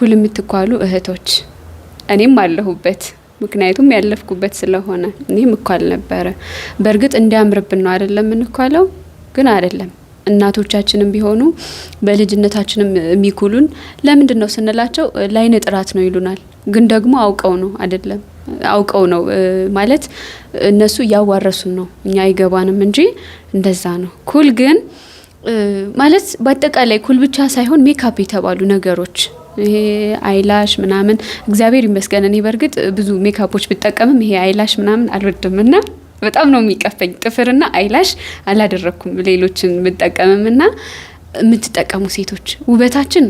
እኩል የምትኳሉ እህቶች እኔም አለሁበት። ምክንያቱም ያለፍኩበት ስለሆነ እኔም እኳል ነበረ። በእርግጥ እንዲያምርብን ነው አይደለም የምንኳለው፣ ግን አይደለም እናቶቻችንም ቢሆኑ በልጅነታችንም የሚኩሉን ለምንድን ነው ስንላቸው ላይነ ጥራት ነው ይሉናል። ግን ደግሞ አውቀው ነው አደለም አውቀው ነው ማለት እነሱ እያዋረሱን ነው፣ እኛ አይገባንም እንጂ እንደዛ ነው። ኩል ግን ማለት በአጠቃላይ ኩል ብቻ ሳይሆን ሜካፕ የተባሉ ነገሮች ይሄ አይላሽ ምናምን እግዚአብሔር ይመስገን። እኔ በእርግጥ ብዙ ሜካፖች ብጠቀምም ይሄ አይላሽ ምናምን አልወድም እና በጣም ነው የሚቀፈኝ። ጥፍርና አይላሽ አላደረግኩም ሌሎችን ብጠቀምም እና የምትጠቀሙ ሴቶች ውበታችን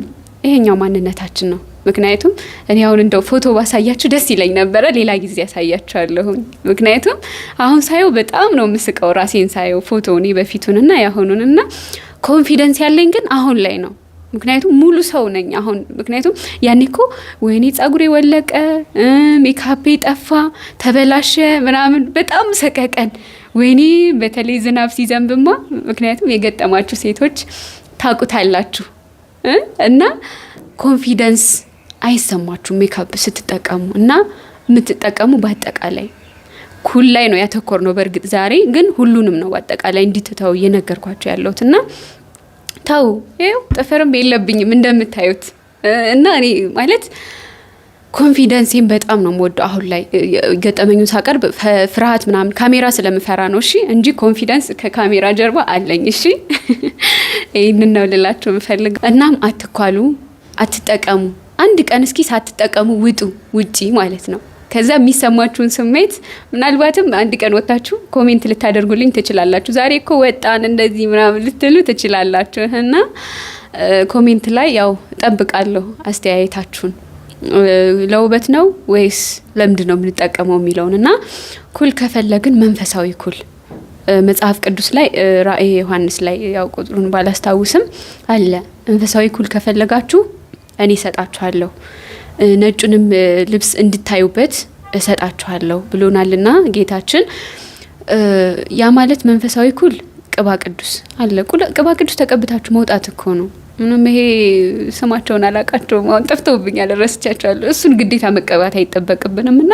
ይሄኛው ማንነታችን ነው። ምክንያቱም እኔ አሁን እንደው ፎቶ ባሳያችሁ ደስ ይለኝ ነበረ። ሌላ ጊዜ ያሳያችኋለሁኝ። ምክንያቱም አሁን ሳየው በጣም ነው ምስቀው ራሴን ሳየው እኔ በፊቱንና ያሁኑንና ኮንፊደንስ ያለኝ ግን አሁን ላይ ነው። ምክንያቱም ሙሉ ሰው ነኝ አሁን። ምክንያቱም ያኔ ኮ ወይኔ ጸጉሬ ወለቀ፣ ሜካፔ ጠፋ፣ ተበላሸ ምናምን በጣም ሰቀቀን። ወይኔ በተለይ ዝናብ ሲዘንብማ ምክንያቱም የገጠማችሁ ሴቶች ታቁታላችሁ እና ኮንፊደንስ አይሰማችሁ ሜካፕ ስትጠቀሙ እና የምትጠቀሙ በአጠቃላይ ኩል ላይ ነው ያተኮር ነው። በእርግጥ ዛሬ ግን ሁሉንም ነው በአጠቃላይ እንዲትተው እየነገርኳቸው ያለሁት እና ተው ይኸው ጥፍርም የለብኝም እንደምታዩት እና እኔ ማለት ኮንፊደንሴን በጣም ነው የምወደው። አሁን ላይ ገጠመኙን ሳቀርብ ፍርሃት ምናምን ካሜራ ስለምፈራ ነው። እሺ እንጂ ኮንፊደንስ ከካሜራ ጀርባ አለኝ። እሺ ይህንን ነው ልላችሁ የምፈልግ። እናም አትኳሉ፣ አትጠቀሙ። አንድ ቀን እስኪ ሳትጠቀሙ ውጡ፣ ውጪ ማለት ነው። ከዛ የሚሰማችሁን ስሜት ምናልባትም አንድ ቀን ወታችሁ ኮሜንት ልታደርጉልኝ ትችላላችሁ። ዛሬ እኮ ወጣን እንደዚህ ምናምን ልትሉ ትችላላችሁ እና ኮሜንት ላይ ያው ጠብቃለሁ አስተያየታችሁን ለውበት ነው ወይስ ለምንድን ነው የምንጠቀመው የሚለውን እና ኩል ከፈለግን መንፈሳዊ ኩል መጽሐፍ ቅዱስ ላይ ራእይ ዮሐንስ ላይ ያው ቁጥሩን ባላስታውስም አለ መንፈሳዊ ኩል ከፈለጋችሁ እኔ እሰጣችኋለሁ ነጩንም ልብስ እንድታዩበት እሰጣችኋለሁ ብሎናልና ጌታችን። ያ ማለት መንፈሳዊ ኩል ቅባ ቅዱስ አለ። ቅባ ቅዱስ ተቀብታችሁ መውጣት እኮ ነው። ምንም ይሄ ስማቸውን አላቃቸውም፣ አሁን ጠፍተውብኛል፣ ረስቻቸዋለሁ። እሱን ግዴታ መቀባት አይጠበቅብንም እና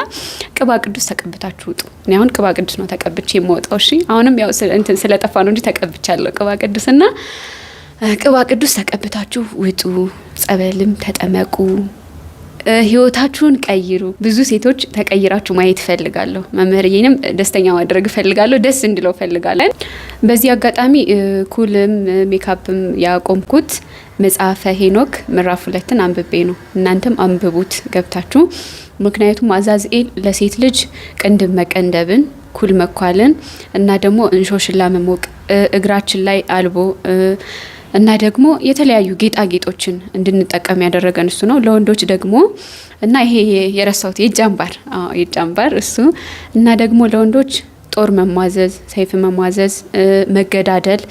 ቅባ ቅዱስ ተቀብታችሁ ውጡ። እኔ አሁን ቅባ ቅዱስ ነው ተቀብቼ የምወጣው። እሺ፣ አሁንም ያው እንትን ስለጠፋ ነው እንጂ ተቀብቻለሁ ቅባ ቅዱስ እና ቅባ ቅዱስ ተቀብታችሁ ውጡ። ጸበልም ተጠመቁ። ህይወታችሁን ቀይሩ። ብዙ ሴቶች ተቀይራችሁ ማየት ፈልጋለሁ መምህርዬንም ደስተኛ ማድረግ ፈልጋለሁ። ደስ እንድለው ፈልጋለን። በዚህ አጋጣሚ ኩልም ሜካፕም ያቆምኩት መጽሐፈ ሄኖክ ምዕራፍ ሁለትን አንብቤ ነው። እናንተም አንብቡት ገብታችሁ። ምክንያቱም አዛዝኤል ለሴት ልጅ ቅንድብ መቀንደብን ኩል መኳልን እና ደግሞ እንሾሽላ መሞቅ እግራችን ላይ አልቦ እና ደግሞ የተለያዩ ጌጣጌጦችን እንድንጠቀም ያደረገን እሱ ነው። ለወንዶች ደግሞ እና ይሄ የረሳሁት የእጅ አምባር የእጅ አምባር እሱ እና ደግሞ ለወንዶች ጦር መሟዘዝ፣ ሰይፍ መሟዘዝ፣ መገዳደል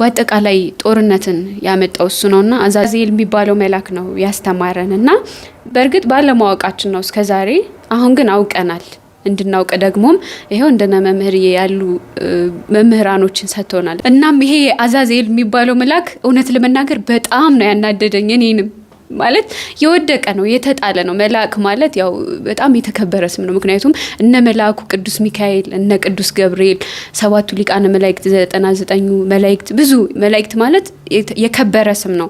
በአጠቃላይ ጦርነትን ያመጣው እሱ ነውና አዛዜል የሚባለው መልአክ ነው ያስተማረን እና በእርግጥ ባለማወቃችን ነው እስከዛሬ። አሁን ግን አውቀናል። እንድናውቅ ደግሞም ይሄው እንደነ መምህር ያሉ መምህራኖችን ሰጥቶናል። እናም ይሄ አዛዜል የሚባለው መልአክ እውነት ለመናገር በጣም ነው ያናደደኝ እኔንም ማለት የወደቀ ነው የተጣለ ነው። መልአክ ማለት ያው በጣም የተከበረ ስም ነው። ምክንያቱም እነ መልአኩ ቅዱስ ሚካኤል፣ እነ ቅዱስ ገብርኤል፣ ሰባቱ ሊቃነ መላእክት፣ ዘጠና ዘጠኙ መላእክት ብዙ መላእክት ማለት የከበረ ስም ነው።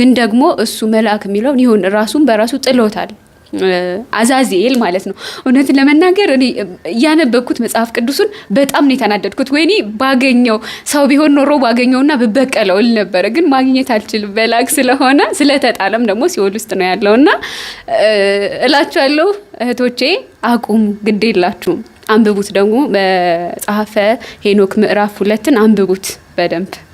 ግን ደግሞ እሱ መልአክ የሚለውን ይሁን ራሱን በራሱ ጥሎታል። አዛዚኤል ማለት ነው። እውነትን ለመናገር እኔ እያነበብኩት መጽሐፍ ቅዱሱን በጣም ነው የተናደድኩት። ወይኔ ባገኘው ሰው ቢሆን ኖሮ ባገኘውና ብበቀለው ል ነበረ፣ ግን ማግኘት አልችልም። በላክ ስለሆነ ስለተጣለም ደግሞ ሲኦል ውስጥ ነው ያለውና እላችኋለሁ እህቶቼ አቁም ግድ የላችሁም። አንብቡት ደግሞ መጽሐፈ ሄኖክ ምዕራፍ ሁለትን አንብቡት በደንብ